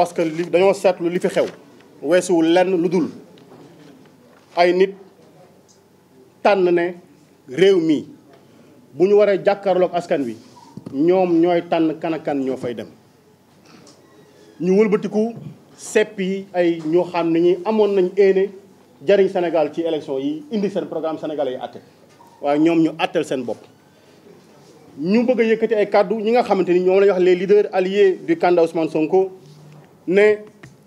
parce que li dañoo seetlu li fi xew weesuwul lenn lu dul ay nit tànn ne réew mi bu ñu waree jàkkaarloog askan wi ñoom ñooy tànn kan kan ñoo fay dem ñu wëlbatiku sepp yi ay ñoo xam ne ñi amoon nañ éene jariñ Sénégal ci élection yi indi seen programme sénégalais yi àtte waaye ñoom ñu àttal seen bopp ñu bëgg a yëkkati ay kàddu ñi nga xamante ni ñoom la ñu wax les leaders alliés du candidat Ousmane Sonko ne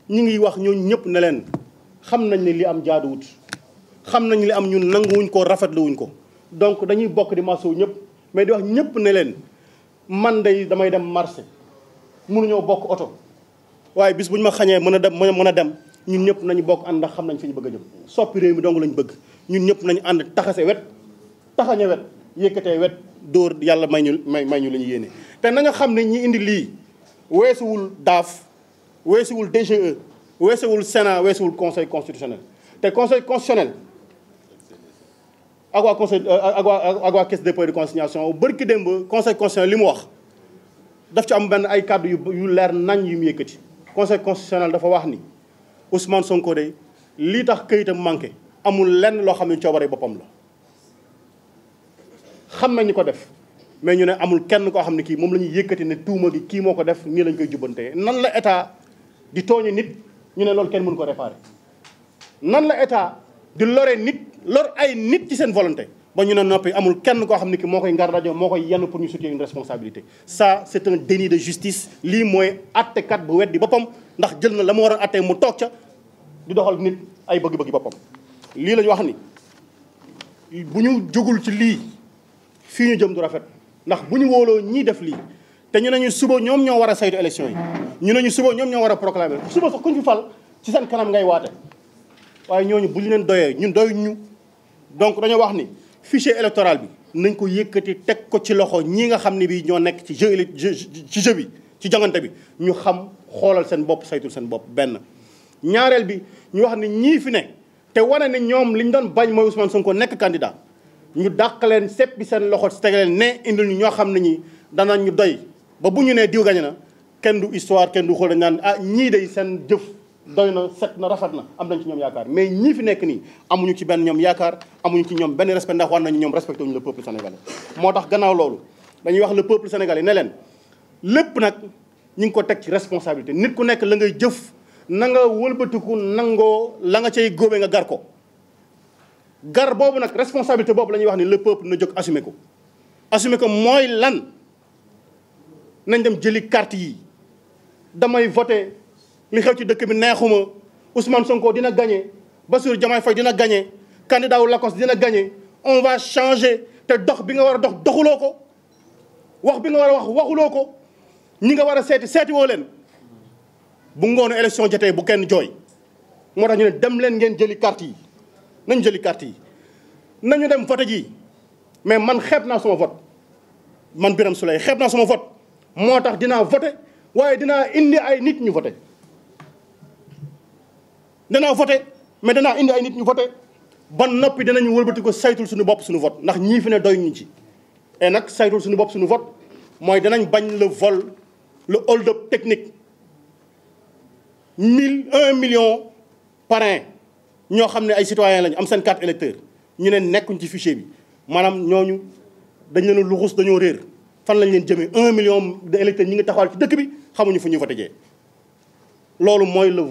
ñu ngi wax ñooñu ñëpp ne leen xam nañ ne li am jaaduwut xam nañ li am ñun nanguwuñ ko rafetluwuñ ko donc dañuy bokk di masawu ñëpp mais di wax ñëpp ne leen man day damay dem marché mënuñoo bokk oto waaye bis bu ñu ma xañee mën a dem mën a dem ñun ñëpp nañu bokk ànd xam nañ fi ñu bëgg a jëm soppi réew mi dong lañ bëgg ñu ñëpp nañu ànd taxase wet taxañe wet yëkkatee wet dóor yàlla may ñu may may ñu la yéene te na nga xam ne ñu indi lii weesuwul daaf weesuwul DGE weesuwul Sénat weesuwul conseil constitutionnel te conseil constitutionnel ak waa conseil euh, ak waa ak waa caisse dépôt de consignation bërki démb conseil constitutionnel li mu wax daf ci am benn ay kàddu yu yu leer nañ yu mu yëkkati conseil constitutionnel dafa wax ni Ousmane Sonko de lii tax këyitam manqué amul lenn loo xam ne coobare boppam la xam nañ ñu ko def mais ñu ne amul kenn koo xam ne kii moom la ñuy yëkkati ne tuuma gi kii moo ko def nii lañ koy jubbantee nan la état di tooñu nit ñu ne loolu kenn mënu ko réparer nan la état di lore nit lor ay nit ci seen volonté ba ñu ne noppi amul kenn koo xam ne ki moo koy ngar rajo moo koy yenn pour ñu soutenir une responsabilité ça c'est un déni de justice lii mooy attekat bu weddi boppam ndax jël na la mu war a mu toog ca di doxal nit ay bëgg-bëggi boppam lii la ñu wax ni bu ñu jógul ci lii fii ñu jëm du rafet ndax bu ñu wóoloo ñii def lii te ñu nañu suba ñoom ñoo war a saytu élection yi ñu nañu suba ñoom ñoo war a proclamer suba sax kuñ fi fal ci seen kanam ngay waate waaye ñooñu bu ñu leen doyee ñun doy ñu donc dañoo wax ni fichier électoral bi nañ ko yëkkati teg ko ci loxo ñi nga xam ne bi ñoo nekk ci jeu ci jeu bi ci jongante bi ñu xam xoolal seen bopp saytul seen bopp benn ñaareel bi ñu wax ne ñii fi ne te wane ne ñoom ñu doon bañ mooy Ousmane Sonko nekk candidat ñu dàq leen seppi seen loxo si ne indil ñu ñoo xam ne ñi danañ ñu doy ba bu ñu nee diw gañe na kenn du histoire kenn du xool naan ah ñii day seen jëf doy na set na rafet na am nañ ci ñoom yaakaar mais ñii fi nekk nii amuñu ci benn ñoom yaakaar amuñu ci ñoom benn respect ndax wan nañu ñoom respecté wuñu le peuple sénégalais. moo tax gannaaw loolu dañuy wax le peuple sénégalais ne leen lépp nag ñu ngi ko teg ci responsabilité nit ku nekk la ngay jëf na nga wëlbatiku nangoo la nga cay góobee nga gar ko. gar boobu nag responsabilité boobu la ñuy wax ni le peuple na jóg assumé ko mooy lan. nañ dem jëli carte yi damay voté li xew ci dëkk bi neexuma Ousmane Sonko dina ba Bassirou Diomaye Faye dina gagné candidat wu Lacoste dina gagné on va changer te dox bi nga war a dox doxuloo ko wax bi nga war a wax waxuloo ko ñi nga war a seeti seeti woo leen bu ngoonu élection jotee bu kenn jooy moo tax ñu ne dem leen ngeen jëli carte yi nañ jëli carte yi nañu dem vote ji mais man xeeb naa sama vote man Birame Souleye xeeb naa suma vote moo tax dinaa voté waaye dinaa indi ay nit ñu voté danaa voté mais danaa indi ay nit ñu voté ba noppi dinañu wëlbati ko saytul suñu bopp suñu vote ndax ñii fi ne doy ñu ci et nag saytul suñu bopp suñu vote mooy danañ bañ le vol le hold up technique mille un million parrain ñoo xam ne ay citoyens lañu am seen carte électeur ñu ne nekkuñ ci fichier bi maanaam ñooñu dañ leen luxus dañoo réer fan lañ leen jëmee un million de électeurs ñi ngi taxawal ci dëkk bi xamuñu fu ñuy vote jee loolu mooy le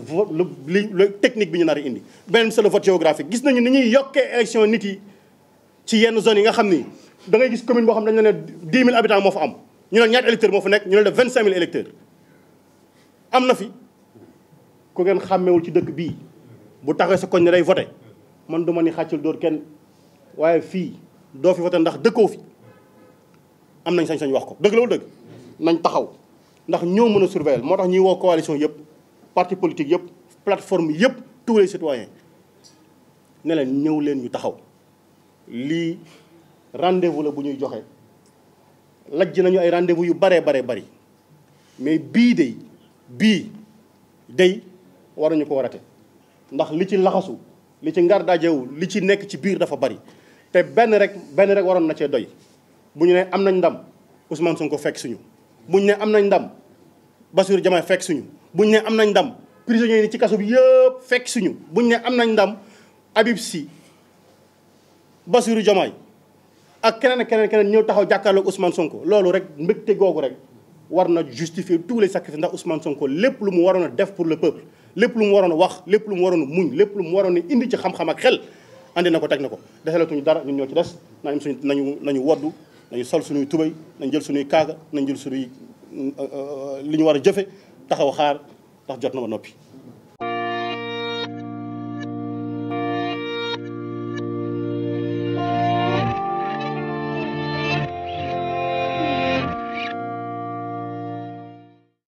le technique bi ñu nar a indi beneen c'est le vote géographique gis nañu ni ñuy yokkee élection nit yi ci yenn zone yi nga xam ni da ngay gis commune boo xam ne dañu ne dix mille habitants moo fa am ñu ne ñaata électeurs moo fa nekk ñu ne vingt cinq mille électeurs am na fi ku ngeen xàmmewul ci dëkk bii bu taxee sa koñ ne day vote man du ma ni xàccul dóor kenn waaye fii doo ndax dëkkoo fi am nañ sañ-sañ wax ko dëgg loolu dëgg nañ taxaw ndax ñoo mën a surveiller moo tax ñuy woo coalition yëpp parti politique yëpp plateforme yëpp tous les citoyens ne leen ñëw leen ñu taxaw lii rendez-vous la bu ñuy joxe lajj nañu ay rendez-vous yu baree baree bari mais bii day bii day waruñu ko warate ndax li ci laxasu li ci ngar daajewu li ci nekk ci biir dafa bari te benn rek benn rek waroon na cee doy bu ñu ne am nañ ndam Ousmane Sonko fekk suñu bu ne am nañ ndam Bassirou Diomaye fekk suñu bu ne am nañ ndam prisonniers yi ci kaso bi yëpp fekk suñu bu ne am nañ ndam Habib si Bassirou Diomaye ak keneen ak keneen keneen ñëw taxaw jàkkaarloog Ousmane Sonko loolu rek mbégte googu rek war na justifier tous les sacrifices ndax Ousmane Sonko lépp lu mu waroon a def pour le peuple lépp lu mu waroon wax lépp lu mu waroon a muñ lépp lu mu waroon a indi ci xam-xam ak xel andi na ko teg na ko desalatuñu dara ñun ñoo ci des nañu suñu nañu nañu woddu dañu sol suñuy tubay nañ jël suñuy kaaga nañ jël suñuy euh, euh, euh, li ñu war a jëfe taxaw xaar ndax jot na ba noppi